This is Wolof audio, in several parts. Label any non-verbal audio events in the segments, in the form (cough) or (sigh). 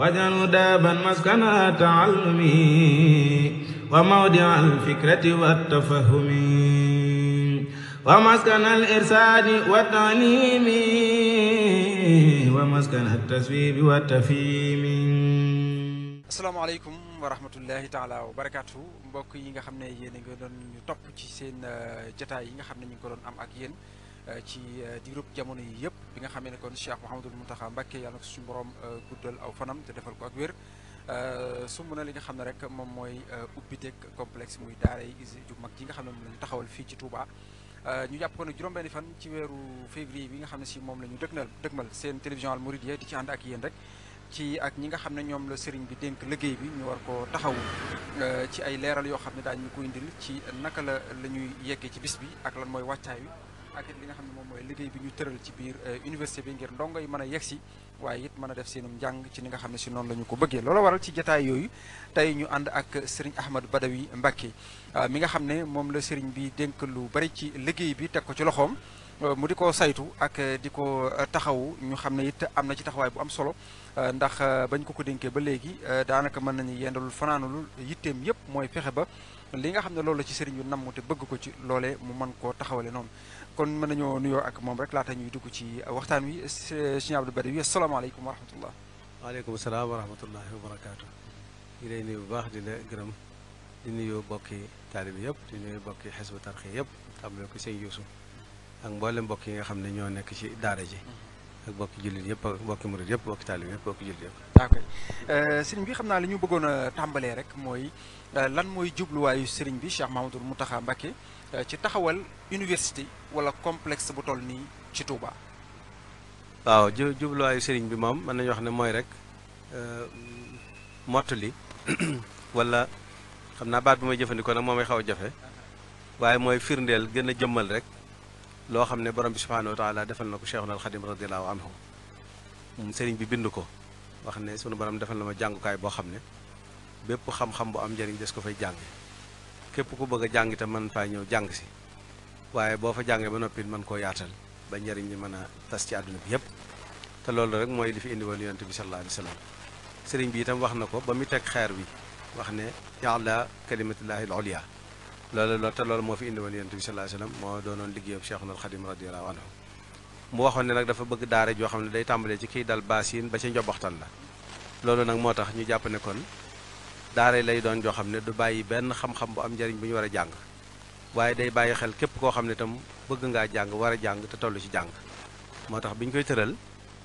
واجعله دابا مسكن تعلم وموضع الفكرة والتفهم ومسكن الإرشاد والتعليم ومسكن التسويب والتفهيم asalaamaaleykum wa rahmatullahi taala wa barakaatu mbokk yi nga xam ne yéen a ngi doon topp ci seen euh, jotaay yi nga xam ne ñu ngi ko doon am ak yéen Euh, ci euh, diirub jamono yii yëpp bi nga xamee ne kon Cheikh Mouhamadul Mountakha Mbacké yàlla na ko suñu borom euh, guddal aw fanam te defal ko ak wér sumb na li nga xam ne rek moom mooy ubbiteeg complexe muy daara yi ju mag yi nga xam ne moom la taxawal fii ci Touba. ñu jàpp ko nag juróom-benni fan ci weeru février bi nga xam ne si moom la ñu dëgmal dëgmal seen télévision Al Mouridiyyah di ci ànd ak yéen rek ci ak ñi nga xam ne ñoom la sëriñ bi dénk léggéey bi ñu war ko taxawu ci ay leeral yoo xam ne daañu ko indil ci naka la la ñuy yeggee ci bis bi ak lan mooy wàccaay wi ak it li nga xam ne moom mooy liggéey bi ñu tëral ci biir euh, université bi ngir ndongo yi mën a yegsi waaye it mën a def seenum njàng ci ni nga xam ne si noonu la ko bëggee loola waral ci jataay yooyu tey ñu ànd ak Serigne Ahmad Badawi Mbacké euh, mi nga xam ne moom la Serigne bi dénk lu bari ci liggéey bi teg ko ci loxoom euh, mu di ko saytu ak di ko taxawu ñu xam ne it am na ci taxawaay bu am solo ndax bañ ko ko dénkee ba léegi daanaka mën nañu yendalul fanaanulul yitteem yépp mooy fexe ba li nga xam ne loolu la ci sëriñ bi namm te bëgg ko ci loolee mu mën koo taxawale noonu kon mën nañoo nuyoo ak moom rek laata ñuy dugg ci waxtaan wi sëriñ Abdou Bari wi asalaamaaleykum wa rahmatullah waaleykum salaam wa rahmatullahi wa barakaatu ñu lay nuyu bu baax di la gërëm di nuyu bokki taalib yëpp di nuyu bokki xisbu tarxi yëpp tàmbale ko sëñ Yuusu ak mboole mbokk yi nga xam ne ñoo nekk ci daara ji mm-hmm. ak bokki jullit yëpp bokki murit yëpp bokki taalib yëpp bokki jullit yëpp. d'accord euh, bi xam naa li ñu bëggoon tàmbalee rek mooy euh, lan mooy jubluwaayu sëriñ bi Cheikh mu Mountakha Mbacké euh, ci taxawal université wala complexe bu toll nii ci Touba. waaw ju jubluwaayu sëriñ bi moom mën nañu wax ne mooy rek li (coughs) walla xam naa baat bi may jëfandikoo nag moo may xaw a jafe waaye mooy firndeel gën a jëmmal rek. loo xam ne borom bi subhaanahu wa taala defal na ko Cheikhul Xadim radiyallahu anhu sëriñ bi bind ko wax ne sunu borom defal na ma jàngukaay boo xam ne bépp xam-xam bu am njëriñ des ko fay jàng képp ku bëgg a jàng te mën faa ñëw jàng si waaye boo fa jàngee ba noppi mën koo yaatal ba njëriñ li mën a tas ci àdduna bi yépp te loolu rek mooy li fi indi woon bi sallallahu alayhi wa sallam sëriñ bi itam wax na ko ba mu teg xeer bi wax ne yàlla kalimatullahi al-ulya loolu te loolu moo fi indi woon yonent bi sallallahu alayhi wasallam moo doonoon liggéeyam Cheikhul Khadim radiyallahu anhu mu waxoon ne nag dafa bëgg daara joo xam ne day tàmbalee ci kiy dal baasin ba ci njoboxtan la loolu nag moo tax ñu jàpp ne kon daara lay doon joo xam ne du bàyyi benn xam-xam bu am njariñ bu ñu war a jàng waaye day bàyyi xel képp koo xam ne itam bëgg ngaa jàng war a jàng te toll ci jàng moo tax bi ñu koy tëral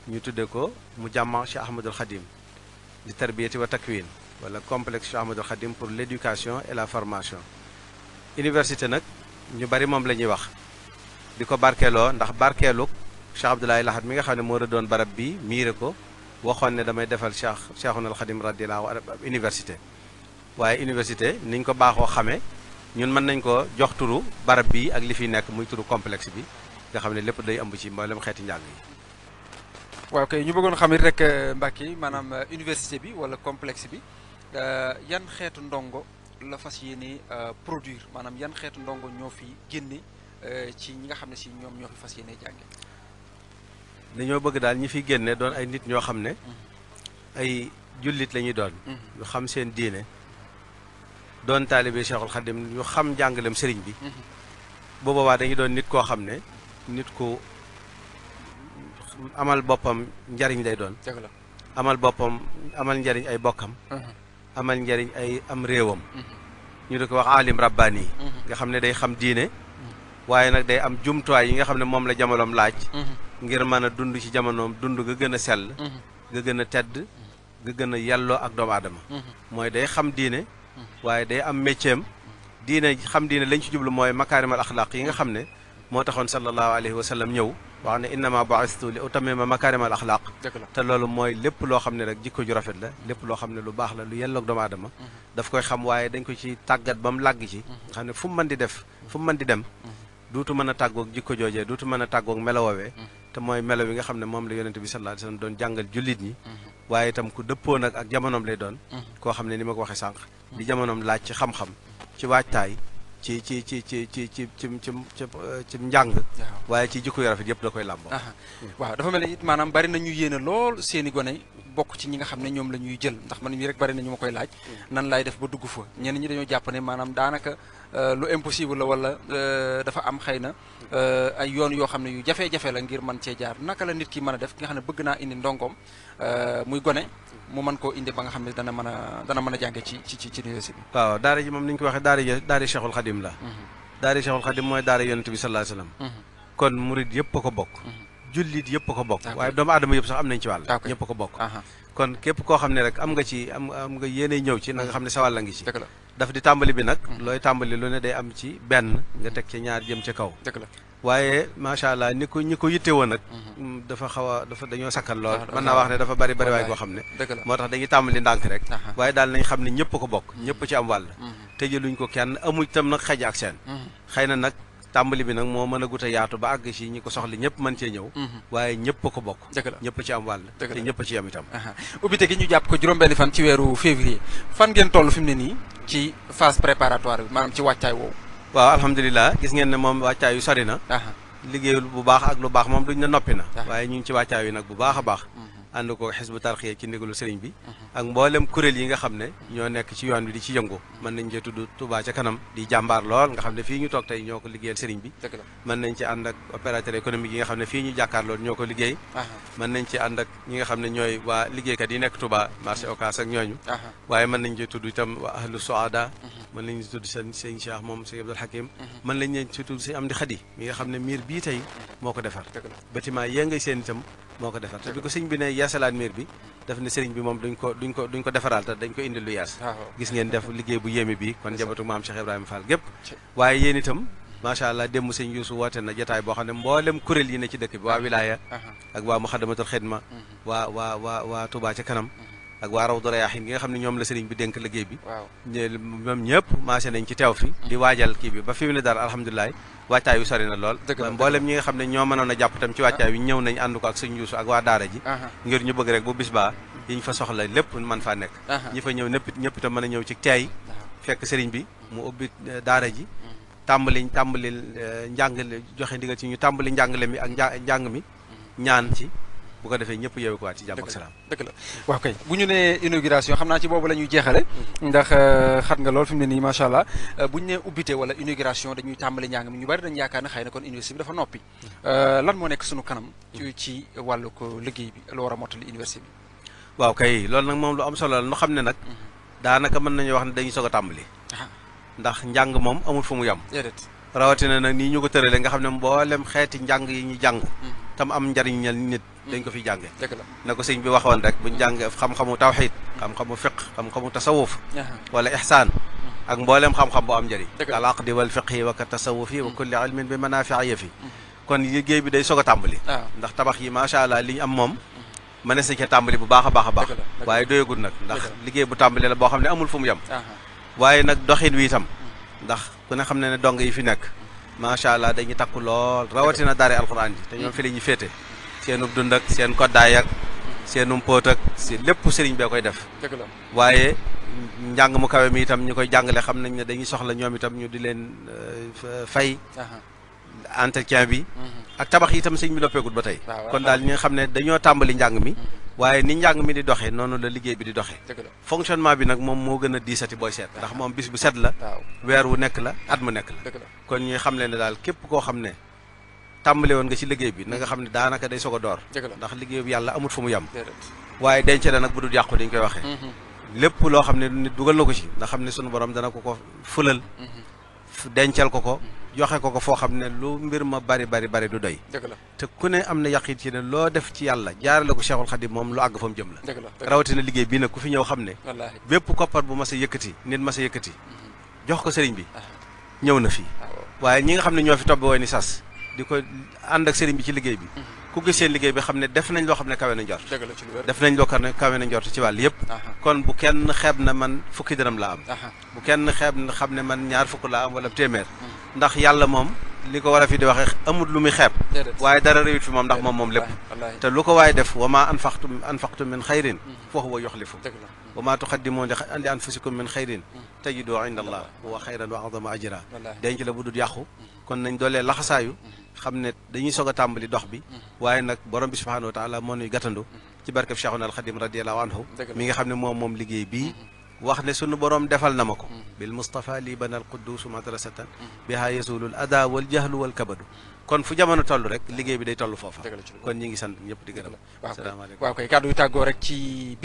ñu tuddee ko mu jàmma Cheikh Ahmadul Khadim di tarbiyati wa takwin wala complexe Cheikh Ahmadul Khadim pour l'éducation et la formation université nag ñu bari moom la ñuy wax di ko barkeeloo ndax barkeeluk Cheikh Abdoulaye Lahad mi nga xam ne moo doon barab bi miire ko waxoon ne damay defal Cheikh Cheikhuna al Khadim radiyallahu anhu université waaye université niñ ko baaxoo xamee ñun mën nañ ko jox turu barab bi ak li fiy nekk muy turu complexe bi nga xam ne lépp day ëmb ci mboolem xeeti njàng yi. waaw kay ñu bëggoon xam it rek Mbacke maanaam euh, université bi wala complexe bi euh, yan xeetu ndongo. la fas yéene euh, produire maanaam yan xeetu ndongo ñoo fi génne euh, ci ñi nga xam ne si ñoom ñoo fi fas yéene jànge dañoo bëgg daal ñi fi génne doon ay nit ñoo xam ne mhm. ay jullit la doon mhm. ñu xam seen diine doon taalibe Cheikhul Khadim ñu xam jàngalem sëriñ bi mhm. bu boobaa dañuy doon nit koo xam ne nit ku amal boppam njariñ lay doon amal boppam amal njariñ ay bokkam amal njariñ ay am réewam ñu di ko wax alim rabbaani mhm. nga xam ne day xam diine waaye nag day am jumtuwaay yi nga xam ne moom la jamonoom laaj mhm. ngir mën a dund ci jamonoom dund ga gën a sell mhm. ga gën a tedd ga gën a yàlloo ak doomu aadama mooy day xam diine waaye day am métier diine xam diine lañ ci jublu mooy makaarimal axlaaq yi nga xam ne moo taxoon sallallahu alayhi wa sallam ñëw wax ne innama bu'istu li utammima makaarimal axlaaq te loolu mooy lépp loo xam ne rek jikko ju rafet la lépp loo xam ne lu baax la lu yelloog doomu aadama mm-hmm. daf koy xam waaye dañ ko ci tàggat ba mu làgg ci mm-hmm. xam ne fu mu mën di def fu mu mën di dem mm-hmm. duutu mën a tàggoog jikko joojee duutu mën a tàggoog melowoowee te mooy melo yi nga xam ne moom la yonente bi sallallahu alayhi doon jàngal jullit ñi waaye itam ku dëppoo nag ak jamonoom lay doon koo xam ne ni ma ko waxee sànq di jamonoom laaj ci xam-xam ci waajtaay ci ci ci ci ci ci ci ci ci njàng. waaye ci jikko yu rafet yëpp da koy làmboo. waaw dafa mel ni it maanaam bari na ñu yéene lool seeni gone. bokk ci ñi nga xam ne ñoom la ñuy jël ndax man mii rek bari na ñu ma koy laaj mm. nan laay def ba dugg fa ñenn ñi dañoo jàpp ne maanaam daanaka euh, lu impossible la wala euh, dafa am xëy na euh, ay yoon yoo xam ne yu jafe-jafe la ngir man cee jaar naka la nit ki mën a def ki nga xam ne bëgg naa indi ndongoom muy gone mu mën koo indi ba nga xam ne dana man a dana mën a jànge ci ci ci université bi waaw daara ji moom ni ñu ko waxee daara ji daara la mm-hmm. daara Cheikhul Khadim mooy daara yonent bi sallallahu mm-hmm. a ko jullit yëpp ko bokk waaye doomu aadama yëpp sax am nañ ci wàll ñëpp ko bokk kon képp koo xam ne rek am nga ci am nga yéene ñëw ci na nga mm. xam ne sa wàll ngi ci daf di tàmbali bi nag mm. looy tàmbali lu ne day am ci benn nga teg ci ñaar jëm ci kaw waaye macha allah ni ko ñi ko yitte woon nag mm-hmm. mm, dafa xaw a dafa dañoo sakkan lool mën naa wax ne dafa bari bari waay boo xam ne moo tax dañuy tàmbali ndànk rek waaye daal nañ xam ne a ko bokk mm-hmm. ñëpp ci am wàll mm-hmm. tëjaluñ ko kenn amuj tam nag xaj ak na nag tàmbali bi nag moo mën a gut a yaatu ba àgg si ñi ko soxla ñëpp mën cee ñëw mhm. waaye ñëpp a ko bokk ñëpp ci am wàll te ñëpp ci am itam ubbite gi ñu jàpp ko juróom-benn fan ci weeru février fan ngeen toll fi ne nii ci phase préparatoire bi maanaam ci wàccaay woowu waaw alhamdulilah gis ngeen ne moom wàccaay yu na liggéeyul bu baax ak lu baax moom duñ ne noppi na waaye ñu ngi ci wàccaay yi nag bu baax a baax mhm. ànd ko xisbu yee ci lu sëriñ bi uh-huh. ak mboolem kuréel yi nga xam ne ñoo nekk ci yoon wi di ci yëngu uh-huh. mën nañ cee tudd tubaa ca kanam di jàmbaar lool nga xam ne fii ñu toog tey ñoo ko liggéeyal sëriñ bi mën nañ ci ànd ak opérateur économique yi nga xam ne fii ñu jàkkaar lool ñoo ko liggéey uh-huh. mën nañ ci ànd ak ñi nga xam ne ñooy waa liggéeykat yi nekk tubaa marché Ocass ak ñooñu waaye mën nañ jee tudd itam waa ahlu soada man lañ tudd seen sëñ Cheikh moom sëñ Abdoul Hakim man mhm. lañ leen tudd sëñ Amdi Xadi mi nga xam ne miir bii tey mhm. moo ko defar bâtiment yee ngay seen itam moo ko defar bi ko sëñ bi ne bi daf ne sëriñ bi moom duñ ko duñ ko duñ ko defaraal te dañ ko indil lu yaas ah, gis ngeen def liggéey bu yéeme bi kon jabatu maam Cheikh Ibrahima Fall gépp waaye yéen itam macha allah démb sëñ Youssou woote na jataay boo xam ne mboolem kuréel yi ne ci dëkk bi waa ah. wilaaya ak waa Muxaddamatul Xidma mhm. waa waa waa waa Touba ca kanam ak waa Rawdu Rayaahiin gi nga xam ne ñoom la sëriñ bi dénk liggéey bi ñoom ñëpp maase nañ ci teew fi di waajal kii bi ba fi mu ne dara alhamdulilah wàccaay wi sori na lool mboolem ñi nga xam ne ñoo mënoon a jàpp tam ci wàccaay wi ñëw nañ ànd ko ak sëriñ Yuusu ak waa daara ji ngir ñu bëgg rek bu bis baa yi ñu fa soxla lépp man faa nekk ñi fa ñëw ñëpp ñëpp itam mën a ñëw ci teey fekk sëriñ bi mu ubbi eh, daara ji mm-hmm. tàmbali njàng eh, njàngale joxe ndigal ci ñu tàmbali njàngale mi ak njàng mi mm-hmm. ñaan ci bu ko defee ñëpp yeewu ko waat ci jàmm ak salaam dëgg la waaw kay bu ñu nee inauguration xam naa ci boobu la ñuy jeexale mm-hmm. ndax euh, xat nga lool fi mu ne nii macha allah euh, bu ñu nee ubbite wala inauguration dañuy tàmbali njàng mi ñu bari dañ yaakaar na kon université bi dafa noppi mm-hmm. euh, lan moo nekk suñu kanam mm-hmm. ci wàllu ko liggéey bi lu war a mottali université bi waaw kay loolu nag moom lu am solo la nu xam a mu yem rawatina nag nii ñu ko tëralee nga xam ne mboolem xeeti njàng yi ñu jàng tam am njariñal nit dañ ko fi jànge na ko sëñ bi waxoon rek buñ jànge xam-xamu tawxid xam-xamu fiq xam-xamu tasawuf wala ihsaan ak mbooleem xam-xam bu am njëriñ al di wal fiqhi wa ka tasawufi wa mm. kulli ilmin bi manaafi'a fi mm. kon liggéey bi day soog a tàmbali ah. ndax tabax yi macha allah li ñu am moom mën na si ca bu baax a bax a baax waaye doyagul nag ndax liggéey bu tàmbali la boo xam ne amul fu mu yem waaye nag doxin wi itam mm. ndax ku ne xam ne ne dong yi fi nekk macha allah dañuy takku lool rawatina daare alquran ji te ñoom fi la ñuy féete seenub dund ak seen koddaay ak seenum póot ak si lépp sëriñ bee koy def waaye njàng mu kawe mi itam ñu koy jàngale xam nañ ne dañuy soxla ñoom itam ñu di leen euh, fay entretien bi mhm. ak tabax yi itam sëñ bi noppeegut ba tey kon daal ñi xam ne dañoo tàmbali njàng mi mhm. waaye ni njàng mi di doxe noonu la liggéey bi di doxee fonctionnement bi nag moom moo gën a diisati booy seet ndax moom bis bu set la weer wu nekk la at mu nekk la kon ñuy xam leen daal képp koo xam ne tàmbale woon nga ci liggéey bi na xam ne daanaka day soog a door ndax liggéey bi yàlla amut fu mu yem waaye denc na nag bu dul yàqu dañ koy waxee mm-hmm. lépp loo xam ne nit dugal na ko ci nga xam ne sunu borom dana ko ko fulal mm-hmm. dencal ko ko joxe ko ko foo xam ne lu mbir ma bari bari bari du doy te ku ne am na yaqin yi ne loo def ci yàlla la ko Cheikhul Khadim moom lu àgg fa mu jëm la rawatina liggéey bii nag ku fi ñëw xam ne bépp koppar bu mas a yëkkati nit mas a yëkkati mm-hmm. jox ko sëriñ bi ah. ñëw na fii ah. waaye ñi nga xam ne ñoo fi tobb sas di ko ànd ak sëriñ bi ci liggéey bi mm-hmm. ku gis seen liggéey bi xam ne def nañ loo xam ne kawe na njort def nañ loo xam ne kawe na njort ci wàll yëpp kon bu kenn xeeb na man fukki dërëm la am bu kenn xeeb na ne man ñaar fukk laa am wala téeméer mm. ndax yàlla moom li ko war a fi di waxe amul lu muy xeeb waaye dara réwit fi moom ndax moom moom lépp te lu ko waaye def wa maa anfaqtum anfaqtum min xayrin mm. fa huwa yuxlifu wa maa tuqaddimu li anfusikum min xayrin mm. tajidu inda allah huwa wa adama ajra denc kon nañ doolee laxasaayu xam ne dañuy soog a tàmbali dox bi mm-hmm. waaye nag borom bi subhaanahu wa taala moo nuy gàttandu mm-hmm. ci barkeb Cheikhuna al Xadim radiyallahu anhu mi nga xam ne moom moom liggéey bii mm-hmm. wax ne sunu borom defal na ma ko bil Mustafa lii banal quddus madrasatan biha yasulul ada wal jahlu wal kabadu kon fu jamono toll rek liggéey bi day toll foofa kon ñi ngi sant ñëpp di gërëm salaamaaleykum waaw kay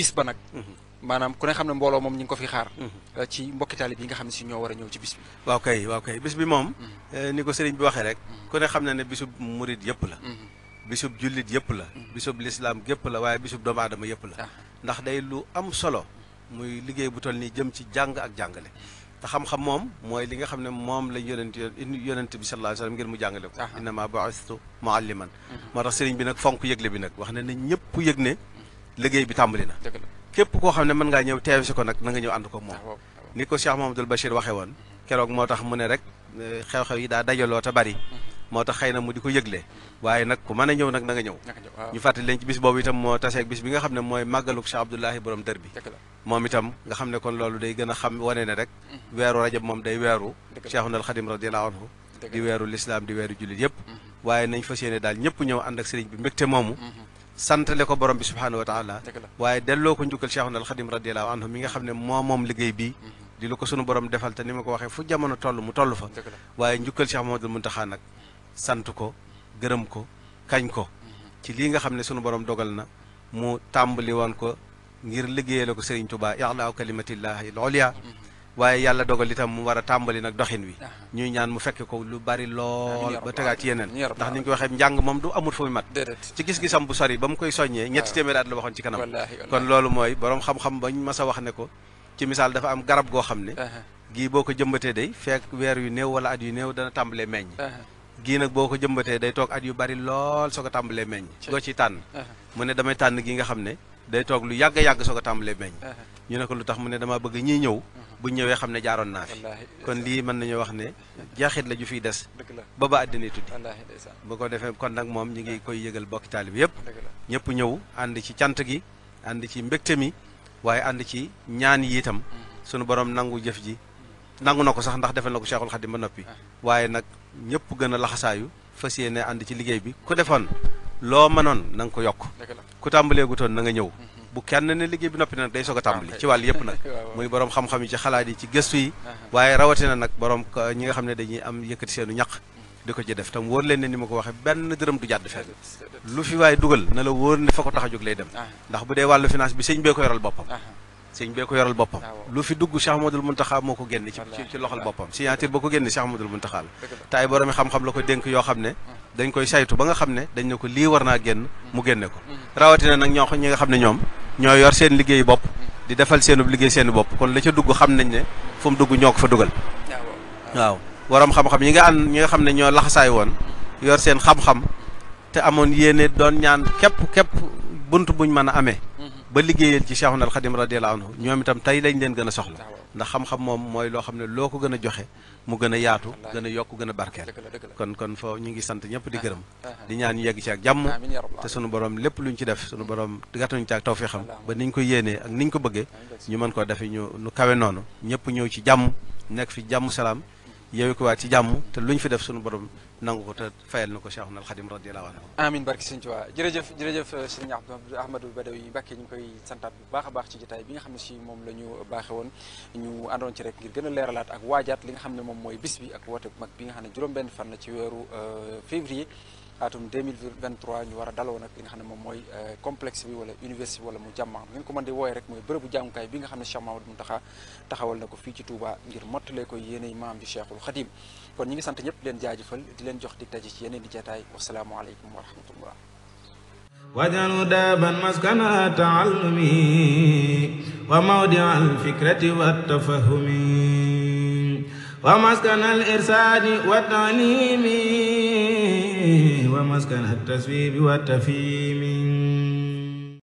maanaam ku ne xam ne mbooloo moom ñi ngi ko fi xaar mhm. euh, ci mbokki taalib yi nga xam ne si ñoo war a ñëw ci bis bi waaw kay bis bi moom mhm. euh, ni ko seriñ bi waxee rek mhm. ku ne xam ne ne bisub murit yëpp la bisub jullit yëpp la bisub lislaam gépp la waaye bisub doomu aadama yëpp la ah. ndax day lu am solo muy liggéey bu toll nii jëm ci jàng ak jàngale te xam-xam moom mooy li nga xam ne moom lañ yonent yonent bi sallallahu alayhi wasallam ngir mu jàngale ko ah. innama bu'istu mualliman moo tax sëriñ bi nag fonk yëgle bi nag wax ne na ñëpp yëg ne liggéey bi tàmbali na képp koo xam ne mën ngaa ñëw teewe si ko nag na nga ñëw ànd ko moom ni ko Cheikh Mamadou Bachir waxe woon keroog moo tax mu ne rek eh, xew-xew yi daa dajaloo te bari mhm. moo tax xëy na mu di ko yëgle waaye nag ku mën a ñëw nag na nga ñëw ñu fàttali leen ci bis boobu itam moo taseeg bis bi nga xam ne mooy màggaluk Cheikh Abdoulahi borom dër bi moom itam nga xam ne kon loolu day gën a xam wane ne rek mhm. weeru rajab moom day weeru Cheikhuna al Xadim radiyallahu anhu di weeru lislaam di weeru jullit yëpp mhm. waaye nañ fas yéene daal ñëpp ñëw ànd ak sëriñ bi mbégte moomu santale ko borom bi subhaanahu wa taala waaye delloo ko njukkal Cheikhuna al Xadim radiyallahu anhu mi nga xam ne moo moom liggéey bi mhm. di lu ko sunu borom defal te ni ma ko waxee fu jamono toll mu toll fa waaye njukkal Cheikh Mahamadul Muntaxa nag sant ko gërëm ko kañ ko mhm. ci lii nga xam ne sunu borom dogal na mu tàmbali woon ko ngir liggéeyale ko Serigne Touba i'laa kalimatillahi al-ulya mhm. waaye yàlla dogal itam mu war a tàmbali nag doxin wi ñuy ñaan mu fekk ko lu bari lool ba tegaat ci yeneen ndax ni ñu ko waxee njàng moom du amul fu mat ci gis-gisam bu sori ba mu koy soññee ñetti ah. téeméeri at la waxoon ci kanam kon loolu mooy borom xam-xam bañ mas a wax ne ko ci misaal dafa am garab goo xam ne gii boo ko jëmbatee day fekk weer yu néew wala at yu néew dana tàmbalee meññ gii nag boo ko jëmbatee day toog at yu bari lool soo ko tàmbalee meññ goo ci tànn mu ne damay tànn gi nga xam ne day toog lu yàgg yàgg soo ko tàmbalee meññ ñu ne ko lu tax mu ne dama bëgg ñiy ñëw bu ñëwee xam ne jaaroon naa fi kon lii mën nañu wax ne jeexit la ju fiy des ba ba àddina tuddi bu ko defee kon nag moom ñi ngi koy yëgal bokki taalib yëpp ñëpp ñëw ànd ci cant gi ànd ci mbégte mi waaye ànd ci ñaan yi mm-hmm. sunu borom nangu jëf ji nangu na ko sax ndax defal na ko Cheikhul Khadim ba noppi ah. waaye nag ñëpp gën a laxasaayu fas yéene ànd ci liggéey bi ku defoon loo mënoon na ko yokk ku tàmbalee gutoon na nga ñëw mm-hmm. bu kenn ne liggéey bi noppi nag day soog a tàmbali ah, ci wàll yëpp nag (laughs) muy borom xam-xam yi ci xalaat yi ci gëstu yi ah, ah. waaye rawatina nag borom ñi nga xam ne dañuy am yëkkati seenu ñaq di ko ci def tam wóor leen ne ni ma ko waxee benn dërëm du jàdd fenn lu fi waaye dugal na la wóor ne fa ko tax a jóg lay dem ndax bu dee wàllu finance bi sëñ bee ko yoral boppam sëñ bee ko yoral boppam ah, lu fi dugg Cheikh Ahmadul Muntaxa moo ko génn ci ci loxol boppam signature ba ko génn Cheikh Ahmadul Muntaxa la te ay boroomi xam la ko dénk yoo xam ne dañ koy saytu ba nga xam ne dañ ne ko lii war naa génn mu génne ko mm-hmm. rawatina nag ñoo ñi nga xam ne ñoom ñoo yor seen liggéeyu bopp mm-hmm. di defal seenub liggéey seeni bopp kon la ca dugg xam nañ ne fu mu ko fa waroom xam ñi nga ànd ñi nga xam ne ñoo laxasaay woon yor seen xam te amoon yéene doon ñaan képp képp bunt buñ mën a amee ba liggéeyal ci Cheikhuna al Khadim radiyallahu anhu ñoom itam tey lañ leen gën a soxla ndax xam-xam moom mooy loo xam ne loo ko gën a joxe mu gën a yaatu gën a yokk gën a barkeel kon kon foo ñu ngi sant ñëpp di ah, gërëm ah, ah. di ñaan ñu yegg ci ak jàmm te sunu borom lépp lu ñu ci def sunu borom gàttuñ ci ak tawfiixam ba niñ ko yéenee ak niñ ko bëggee ñu mën koo defee ñu nu kawe noonu ñëpp ñëw ci jàmm nekk fi jàmm salaam yeewi ko waa ci jàmm te lu ñu fi def suñu borom nangu ko te fayal na ko Cheikhuna al Khadim radiyallahu anhu amin barki sëñ Tuubaa jërëjëf jërëjëf eh, sëñ Ahmadou yi Mbacké ñu ngi koy santaat bu baax a baax ci jotaay bi nga xam ne si moom la ñu baaxe woon ñu àndoon ci rek ngir gën a leeralaat ak waajaat li nga xam ne moom mooy bis bi ak woote bu mag bi nga xam ne juróom benn fan la ci weeru eh, février atum ñu war a daloo nag li nga xam ne moom mooy euh, complexe bi wala université bi wala mu jàmma ngeen ko mën di wooyee rek mooy bërëbu jàngukaay bi nga xam ne Cheikh Mamadou Mountakha taxawal na ko fii ci Touba ngir mottalee ko yéeney maam ji Cheikhul Khadim kon ñi ngi sant ñëpp di leen jaajëfal di leen jox dig daje ci yeneen di jotaay wasalaamualeykum wa rahmatullah واجعله دابا مسكن تعلمي وموضع الفكرة والتفهم ومسكن الإرشاد والتعليم ومسكن التسويب والتفيم